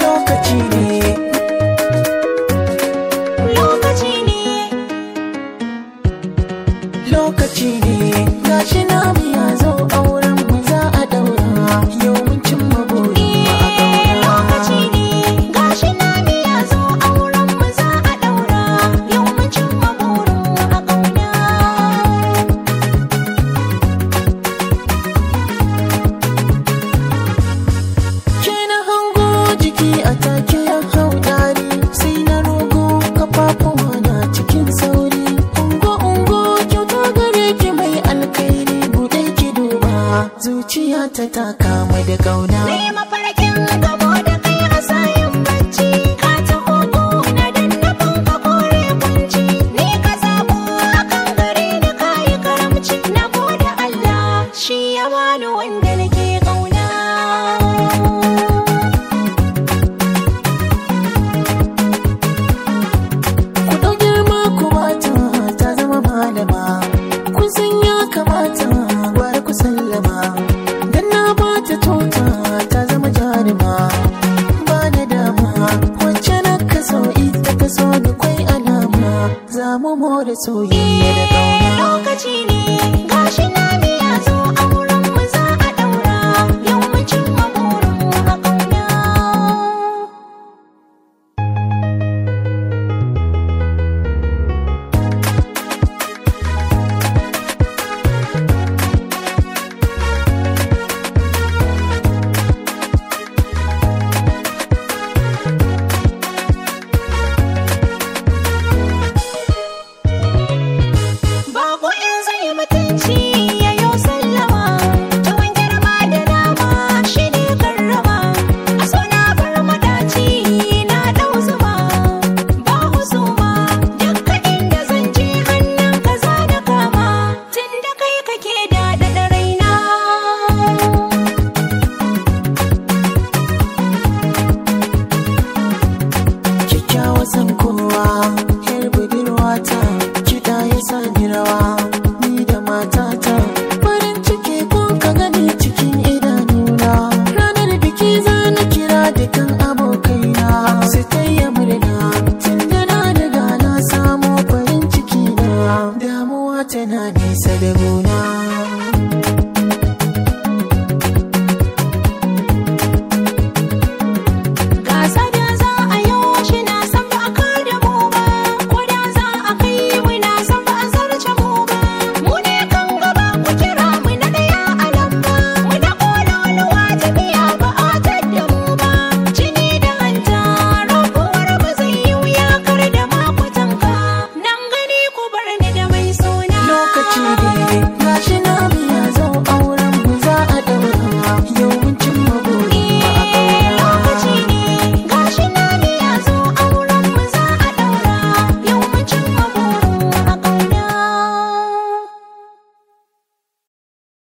Lokaci ne Lokaci ne Lokaci ne gashi na ta taka mai da kauna ni mafarkin gamo da kai a sayin bacci ka ta hogo na dannabin ka kore kunci ni ka zabo akan gare ni kayi karamci na gode Allah shi ya bani wanda nake da soyayya da ƙauna eh, lokaci ne gashi na time.